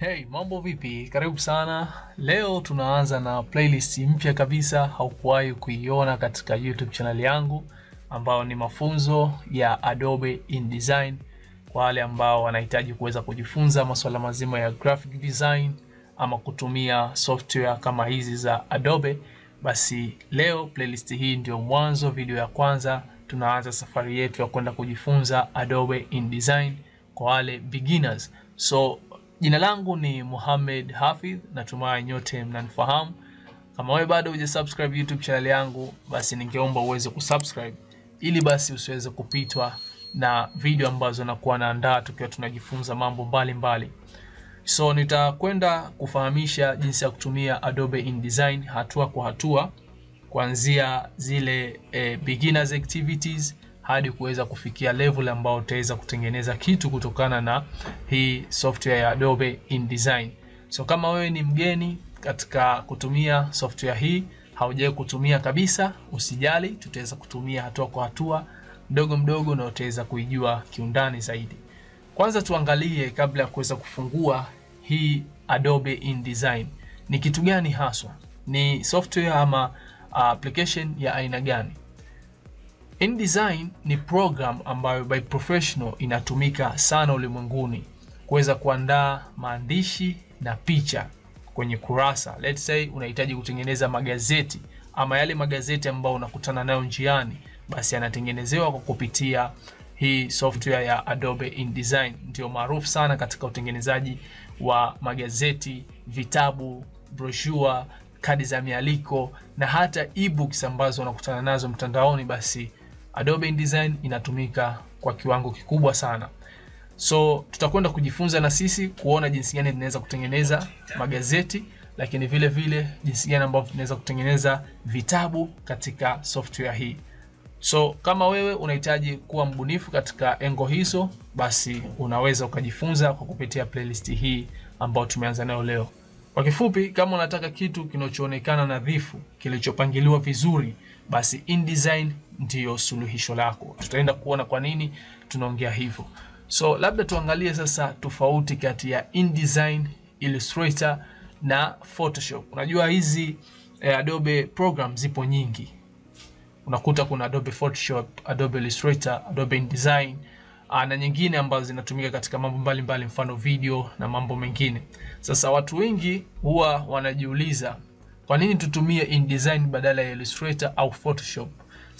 Hey, mambo vipi? Karibu sana. Leo tunaanza na playlist mpya kabisa haukuwahi kuiona katika YouTube channel yangu ambayo ni mafunzo ya Adobe InDesign kwa wale ambao wanahitaji kuweza kujifunza masuala mazima ya graphic design ama kutumia software kama hizi za Adobe, basi leo playlist hii ndio mwanzo, video ya kwanza. Tunaanza safari yetu ya kwenda kujifunza Adobe InDesign kwa wale beginners. So Jina langu ni Mohamed Hafidh, natumai nyote mnanifahamu. Kama wewe bado hujasubscribe YouTube channel yangu, basi ningeomba uweze kusubscribe ili basi usiweze kupitwa na video ambazo nakuwa naandaa tukiwa tunajifunza mambo mbalimbali mbali. So nitakwenda kufahamisha jinsi ya kutumia Adobe InDesign hatua kwa hatua kuanzia zile eh, beginners activities hadi kuweza kufikia level ambayo utaweza kutengeneza kitu kutokana na hii software ya Adobe InDesign. So kama wewe ni mgeni katika kutumia software hii, haujawahi kutumia kabisa, usijali, tutaweza kutumia hatua kwa hatua mdogo mdogo, na utaweza kuijua kiundani zaidi. Kwanza tuangalie kabla ya kuweza kufungua hii Adobe InDesign ni kitu gani haswa, ni software ama uh, application ya aina gani? InDesign ni program ambayo by professional inatumika sana ulimwenguni kuweza kuandaa maandishi na picha kwenye kurasa. Let's say unahitaji kutengeneza magazeti ama yale magazeti ambayo unakutana nayo njiani, basi yanatengenezewa kwa kupitia hii software ya Adobe InDesign, ndio maarufu sana katika utengenezaji wa magazeti, vitabu, brochure, kadi za mialiko na hata ebooks ambazo unakutana nazo mtandaoni basi Adobe InDesign inatumika kwa kiwango kikubwa sana. So tutakwenda kujifunza na sisi kuona jinsi gani tunaweza kutengeneza magazeti, lakini vile vile jinsi gani ambavyo tunaweza kutengeneza vitabu katika software hii. So kama wewe unahitaji kuwa mbunifu katika engo hizo, basi unaweza ukajifunza kwa kupitia playlist hii ambayo tumeanza nayo leo. Kwa kifupi, kama unataka kitu kinachoonekana nadhifu, kilichopangiliwa vizuri, basi InDesign ndiyo suluhisho lako. Tutaenda kuona kwa nini tunaongea hivyo. So labda tuangalie sasa tofauti kati ya InDesign, Illustrator na Photoshop. Unajua hizi eh, Adobe program zipo nyingi. Unakuta kuna Adobe Photoshop, Adobe Illustrator, Adobe InDesign ah, na nyingine ambazo zinatumika katika mambo mbalimbali, mfano video na mambo mengine. Sasa watu wengi huwa wanajiuliza kwa nini tutumie InDesign badala ya Illustrator au Photoshop?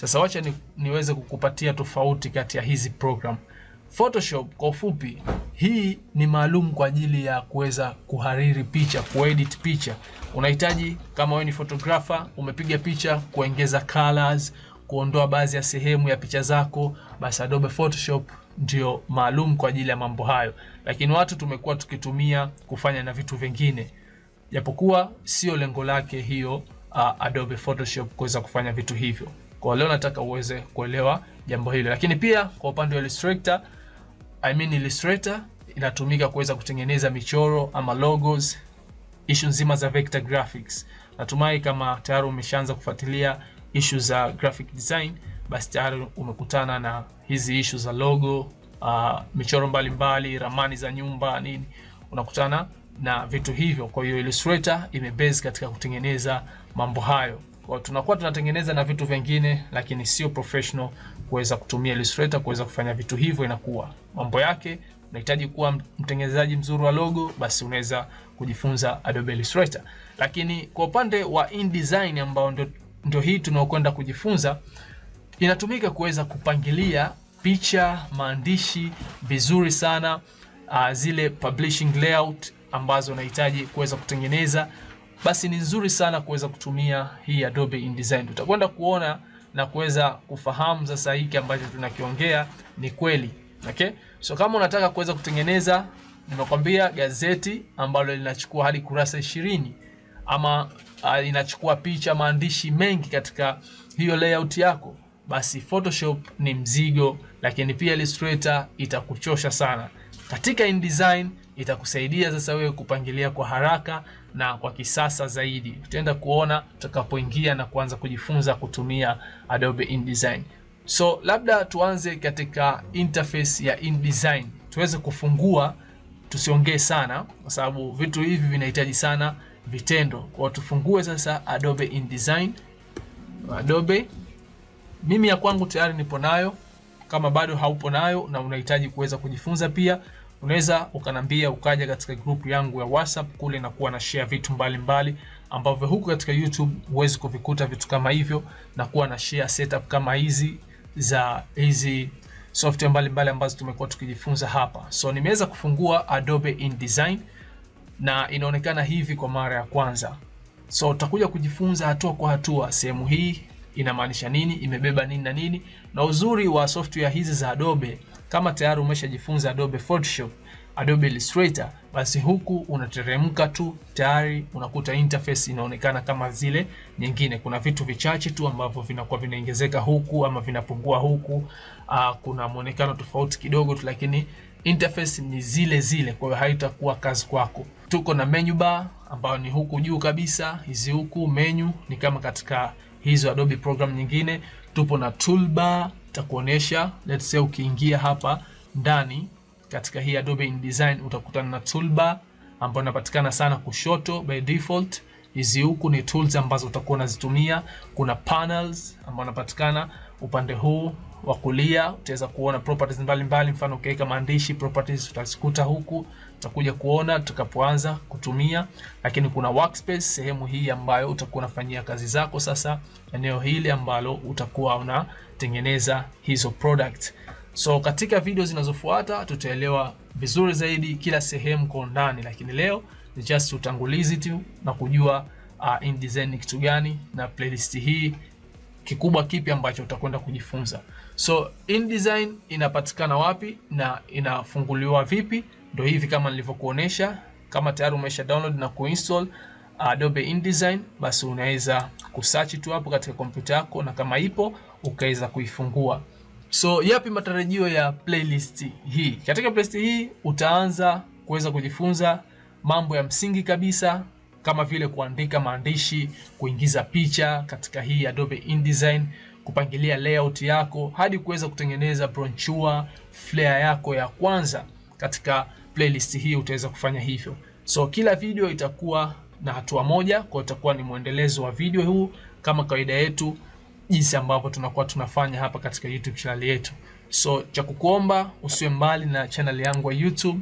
Sasa wacha ni, niweze kukupatia tofauti kati ya hizi program. Photoshop kwa ufupi, hii ni maalum kwa ajili ya kuweza kuhariri picha, kuedit picha. Unahitaji kama wewe ni photographer, umepiga picha, kuongeza colors, kuondoa baadhi ya sehemu ya picha zako, basi Adobe Photoshop ndio maalum kwa ajili ya mambo hayo, lakini watu tumekuwa tukitumia kufanya na vitu vingine, japokuwa sio lengo lake hiyo uh, Adobe Photoshop kuweza kufanya vitu hivyo. Kwa leo nataka uweze kuelewa jambo hilo, lakini pia kwa upande wa Illustrator, I mean Illustrator inatumika kuweza kutengeneza michoro ama logos, issue nzima za vector graphics. Natumai kama tayari umeshaanza kufuatilia issue za graphic design, basi tayari umekutana na hizi issue za logo, uh, michoro mbalimbali mbali, ramani za nyumba nini, unakutana na vitu hivyo. Kwa hiyo Illustrator imebase katika kutengeneza mambo hayo tunakuwa tunatengeneza na vitu vingine, lakini sio professional kuweza kutumia Illustrator kuweza kufanya vitu hivyo. Inakuwa mambo yake, unahitaji kuwa mtengenezaji mzuri wa logo, basi unaweza kujifunza Adobe Illustrator. Lakini kwa upande wa InDesign ambao ndio ndio hii tunaokwenda kujifunza, inatumika kuweza kupangilia picha, maandishi vizuri sana, uh, zile publishing layout ambazo unahitaji kuweza kutengeneza basi ni nzuri sana kuweza kutumia hii Adobe InDesign. Utakwenda kuona na kuweza kufahamu sasa hiki ambacho tunakiongea ni kweli. Okay? So kama unataka kuweza kutengeneza nimekwambia gazeti ambalo linachukua hadi kurasa ishirini ama uh, inachukua picha, maandishi mengi katika hiyo layout yako, basi Photoshop ni mzigo, lakini pia Illustrator itakuchosha sana. Katika InDesign itakusaidia sasa wewe kupangilia kwa haraka na kwa kisasa zaidi. Tutaenda kuona tutakapoingia na kuanza kujifunza kutumia Adobe InDesign. So labda tuanze katika interface ya InDesign, tuweze kufungua, tusiongee sana kwa sababu vitu hivi vinahitaji sana vitendo. Kwa tufungue sasa Adobe InDesign. Adobe, mimi ya kwangu tayari nipo nayo. Kama bado haupo nayo na unahitaji kuweza kujifunza pia unaweza ukanambia ukaja katika grupu yangu ya WhatsApp kule na kuwa na share vitu mbalimbali ambavyo huku katika YouTube huwezi kuvikuta vitu kama hivyo, na kuwa na share setup kama hizi za hizi software mbalimbali ambazo tumekuwa tukijifunza hapa. So nimeweza kufungua Adobe InDesign na inaonekana hivi kwa mara ya kwanza. So utakuja kujifunza hatua kwa hatua sehemu hii inamaanisha nini, imebeba nini na nini. Na uzuri wa software hizi za Adobe, kama tayari umeshajifunza Adobe Photoshop, Adobe Illustrator, basi huku unateremka tu tayari unakuta interface inaonekana kama zile nyingine. Kuna vitu vichache tu ambavyo vinakuwa vinaongezeka huku ama vinapungua huku. Aa, ah, kuna muonekano tofauti kidogo tu, lakini interface ni zile zile, kwa hiyo haitakuwa kazi kwako. Tuko na menu bar ambayo ni huku juu kabisa. Hizi huku menu ni kama katika hizo Adobe program nyingine. Tupo na toolbar takuonesha, let's say ukiingia hapa ndani katika hii Adobe InDesign utakutana na toolbar ambayo inapatikana sana kushoto by default. Hizi huku ni tools ambazo utakuwa unazitumia. Kuna panels ambayo inapatikana upande huu wa kulia utaweza kuona properties mbalimbali, mfano ukiweka maandishi properties utazikuta huku, utakuja kuona tutakapoanza kutumia. Lakini kuna workspace, sehemu hii ambayo utakuwa unafanyia kazi zako. Sasa eneo hili ambalo utakuwa unatengeneza hizo product. So katika video zinazofuata tutaelewa vizuri zaidi kila sehemu kwa undani, lakini leo ni just utangulizi tu na kujua uh, InDesign ni kitu gani na playlist hii kikubwa kipi ambacho utakwenda kujifunza. So InDesign inapatikana wapi na inafunguliwa vipi? Ndio hivi kama nilivyokuonesha. Kama tayari umesha download na kuinstall Adobe InDesign, basi unaweza kusearch tu hapo katika kompyuta yako, na kama ipo ukaweza kuifungua. So yapi matarajio ya playlist hii? Katika playlist hii utaanza kuweza kujifunza mambo ya msingi kabisa kama vile kuandika maandishi, kuingiza picha katika hii Adobe InDesign, kupangilia layout yako hadi kuweza kutengeneza brochure flare yako ya kwanza katika playlist hii utaweza kufanya hivyo. So kila video itakuwa na hatua moja, kwa itakuwa ni mwendelezo wa video huu kama kawaida yetu, jinsi ambavyo tunakuwa tunafanya hapa katika YouTube channel yetu. So cha kukuomba usiwe mbali na channel yangu ya YouTube.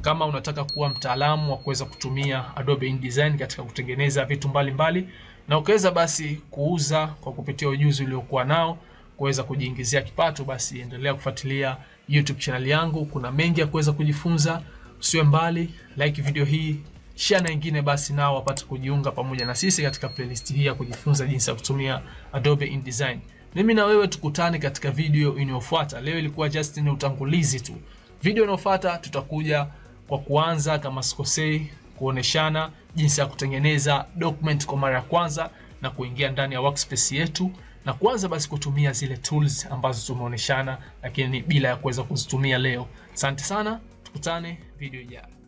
Kama unataka kuwa mtaalamu wa kuweza kutumia Adobe InDesign katika kutengeneza vitu mbalimbali mbali, na ukaweza basi kuuza kwa kupitia ujuzi uliokuwa nao kuweza kujiingizia kipato, basi endelea kufuatilia YouTube channel yangu. Kuna mengi ya kuweza kujifunza, usiwe mbali, like video hii, share na wengine, basi nao wapate kujiunga pamoja na sisi katika playlist hii ya kujifunza jinsi ya kutumia Adobe InDesign. Mimi na wewe tukutane katika video inayofuata. Leo ilikuwa just ni utangulizi tu. Video inayofuata tutakuja kwa kuanza, kama sikosei, kuoneshana jinsi ya kutengeneza document kwa mara ya kwanza na kuingia ndani ya workspace yetu na kuanza basi kutumia zile tools ambazo tumeoneshana, lakini bila ya kuweza kuzitumia leo. Asante sana, tukutane video ijayo.